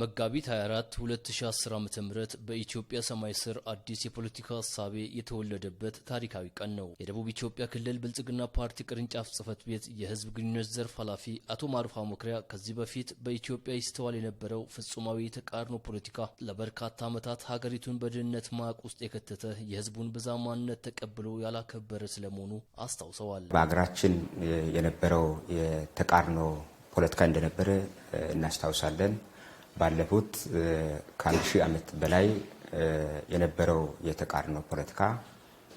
መጋቢት 24 2010 ዓ ም በኢትዮጵያ ሰማይ ስር አዲስ የፖለቲካ ሀሳቤ የተወለደበት ታሪካዊ ቀን ነው። የደቡብ ኢትዮጵያ ክልል ብልጽግና ፓርቲ ቅርንጫፍ ጽህፈት ቤት የህዝብ ግንኙነት ዘርፍ ኃላፊ አቶ ማሩፋ ሞክሪያ ከዚህ በፊት በኢትዮጵያ ይስተዋል የነበረው ፍጹማዊ የተቃርኖ ፖለቲካ ለበርካታ ዓመታት ሀገሪቱን በድህነት ማቅ ውስጥ የከተተ የህዝቡን ብዛ ማንነት ተቀብሎ ያላከበረ ስለመሆኑ አስታውሰዋል። በሀገራችን የነበረው የተቃርኖ ፖለቲካ እንደነበረ እናስታውሳለን። ባለፉት ከአንድ ሺህ ዓመት በላይ የነበረው የተቃርኖ ፖለቲካ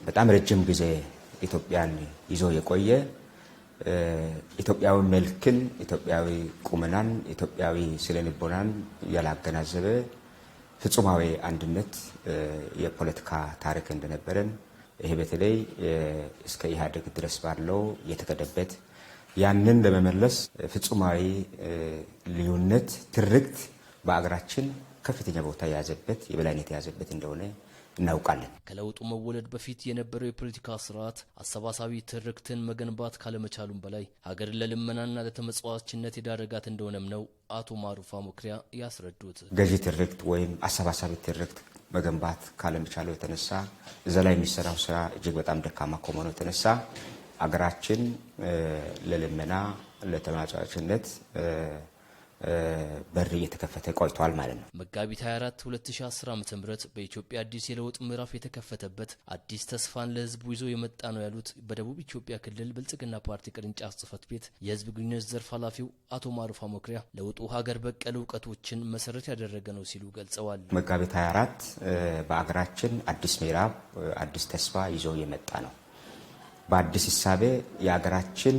በጣም ረጅም ጊዜ ኢትዮጵያን ይዞ የቆየ ኢትዮጵያዊ መልክን፣ ኢትዮጵያዊ ቁመናን፣ ኢትዮጵያዊ ስነልቦናን ያላገናዘበ ፍጹማዊ አንድነት የፖለቲካ ታሪክ እንደነበረን ይሄ በተለይ እስከ ኢህአዴግ ድረስ ባለው የተከደበት ያንን ለመመለስ ፍጹማዊ ልዩነት ትርክት በአገራችን ከፍተኛ ቦታ የያዘበት የበላይነት የያዘበት እንደሆነ እናውቃለን። ከለውጡ መወለድ በፊት የነበረው የፖለቲካ ስርዓት አሰባሳቢ ትርክትን መገንባት ካለመቻሉም በላይ ሀገር ለልመናና ለተመጽዋችነት የዳረጋት እንደሆነም ነው አቶ ማሩፋ ሞክሪያ ያስረዱት። ገዢ ትርክት ወይም አሰባሳቢ ትርክት መገንባት ካለመቻለው የተነሳ እዛ ላይ የሚሰራው ስራ እጅግ በጣም ደካማ ከመሆነው የተነሳ አገራችን ለልመና ለተመጽዋችነት በር እየተከፈተ ቆይቷል ማለት ነው። መጋቢት 24 2010 ዓ ም በኢትዮጵያ አዲስ የለውጥ ምዕራፍ የተከፈተበት አዲስ ተስፋን ለህዝቡ ይዞ የመጣ ነው ያሉት በደቡብ ኢትዮጵያ ክልል ብልጽግና ፓርቲ ቅርንጫፍ ጽህፈት ቤት የህዝብ ግንኙነት ዘርፍ ኃላፊው አቶ ማሩፋ ሞክሪያ ለውጡ ሀገር በቀል እውቀቶችን መሰረት ያደረገ ነው ሲሉ ገልጸዋል። መጋቢት 24 በአገራችን አዲስ ምዕራፍ አዲስ ተስፋ ይዞ የመጣ ነው። በአዲስ እሳቤ የሀገራችን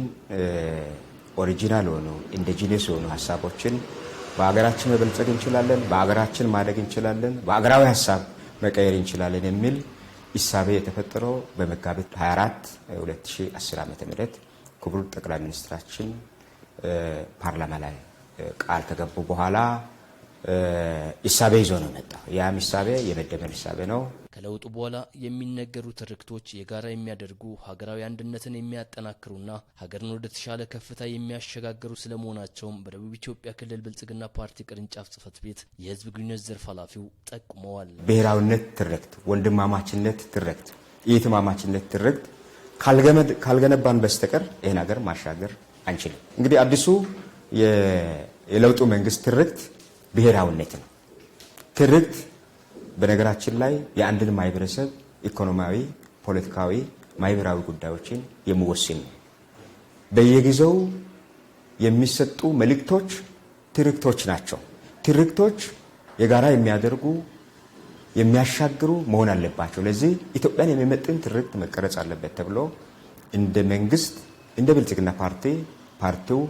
ኦሪጂናል የሆኑ ኢንዲጂነስ የሆኑ ሀሳቦችን በሀገራችን መበልጸግ እንችላለን፣ በሀገራችን ማደግ እንችላለን፣ በሀገራዊ ሀሳብ መቀየር እንችላለን የሚል ኢሳቤ የተፈጠረው በመጋቢት 24 2010 ም ክቡር ጠቅላይ ሚኒስትራችን ፓርላማ ላይ ቃል ከገቡ በኋላ እሳቤ ይዞ ነው መጣ። ያም እሳቤ የመደመር እሳቤ ነው። ከለውጡ በኋላ የሚነገሩ ትርክቶች የጋራ የሚያደርጉ ሀገራዊ አንድነትን የሚያጠናክሩና ሀገርን ወደ ተሻለ ከፍታ የሚያሸጋግሩ ስለመሆናቸውም በደቡብ ኢትዮጵያ ክልል ብልጽግና ፓርቲ ቅርንጫፍ ጽፈት ቤት የህዝብ ግንኙነት ዘርፍ ኃላፊው ጠቁመዋል። ብሔራዊነት ትርክት፣ ወንድማማችነት ትርክት፣ የትማማችነት ትርክት ካልገነባን በስተቀር ይህን ሀገር ማሻገር አንችልም። እንግዲህ አዲሱ የለውጡ መንግስት ትርክት ብሔራዊነት ነው። ትርክት በነገራችን ላይ የአንድን ማህበረሰብ ኢኮኖሚያዊ፣ ፖለቲካዊ፣ ማህበራዊ ጉዳዮችን የሚወስን ነው። በየጊዜው የሚሰጡ መልእክቶች ትርክቶች ናቸው። ትርክቶች የጋራ የሚያደርጉ የሚያሻግሩ መሆን አለባቸው። ለዚህ ኢትዮጵያን የሚመጥን ትርክት መቀረጽ አለበት ተብሎ እንደ መንግስት እንደ ብልጽግና ፓርቲ ፓርቲው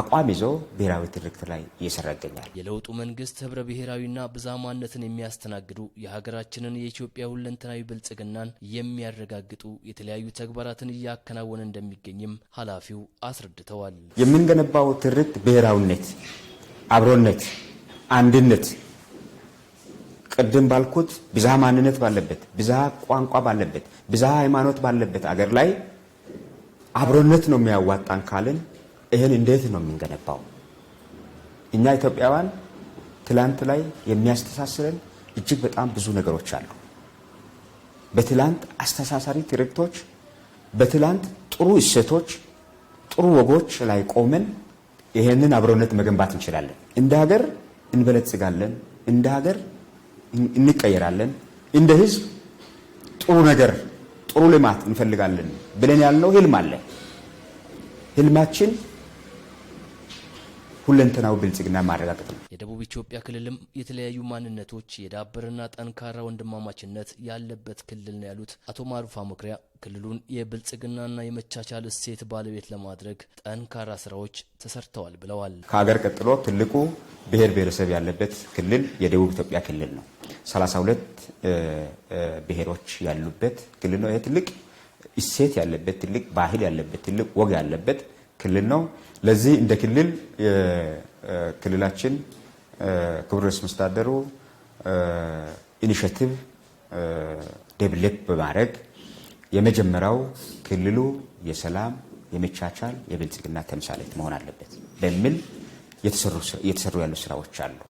አቋም ይዞ ብሔራዊ ትርክት ላይ እየሰራ ይገኛል። የለውጡ መንግስት ህብረ ብሔራዊና ብዛ ማንነትን የሚያስተናግዱ የሀገራችንን የኢትዮጵያ ሁለንተናዊ ብልጽግናን የሚያረጋግጡ የተለያዩ ተግባራትን እያከናወነ እንደሚገኝም ኃላፊው አስረድተዋል። የምንገነባው ትርክት ብሔራዊነት፣ አብሮነት፣ አንድነት ቅድም ባልኩት ብዛ ማንነት ባለበት፣ ብዛ ቋንቋ ባለበት፣ ብዛ ሃይማኖት ባለበት አገር ላይ አብሮነት ነው የሚያዋጣን ካልን ይህን እንዴት ነው የምንገነባው? እኛ ኢትዮጵያውያን ትላንት ላይ የሚያስተሳስረን እጅግ በጣም ብዙ ነገሮች አሉ። በትላንት አስተሳሳሪ ትርክቶች፣ በትላንት ጥሩ እሴቶች፣ ጥሩ ወጎች ላይ ቆመን ይህንን አብሮነት መገንባት እንችላለን። እንደ ሀገር እንበለጽጋለን፣ እንደ ሀገር እንቀየራለን፣ እንደ ህዝብ ጥሩ ነገር ጥሩ ልማት እንፈልጋለን ብለን ያልነው ህልም አለ። ህልማችን ሁለንተናዊ ብልጽግና ማረጋገጥ ነው። የደቡብ ኢትዮጵያ ክልልም የተለያዩ ማንነቶች የዳበረና ጠንካራ ወንድማማችነት ያለበት ክልል ነው ያሉት አቶ ማሩፋ መኩሪያ ክልሉን የብልጽግናና የመቻቻል እሴት ባለቤት ለማድረግ ጠንካራ ስራዎች ተሰርተዋል ብለዋል። ከሀገር ቀጥሎ ትልቁ ብሔር ብሔረሰብ ያለበት ክልል የደቡብ ኢትዮጵያ ክልል ነው። 32 ብሔሮች ያሉበት ክልል ነው። ትልቅ እሴት ያለበት፣ ትልቅ ባህል ያለበት፣ ትልቅ ወግ ያለበት ክልል ነው። ለዚህ እንደ ክልል ክልላችን ክቡር ርዕሰ መስተዳድሩ ኢኒሽቲቭ ዴቨሎፕ በማድረግ የመጀመሪያው ክልሉ የሰላም የመቻቻል የብልጽግና ተምሳሌት መሆን አለበት በሚል የተሰሩ ያሉ ስራዎች አሉ።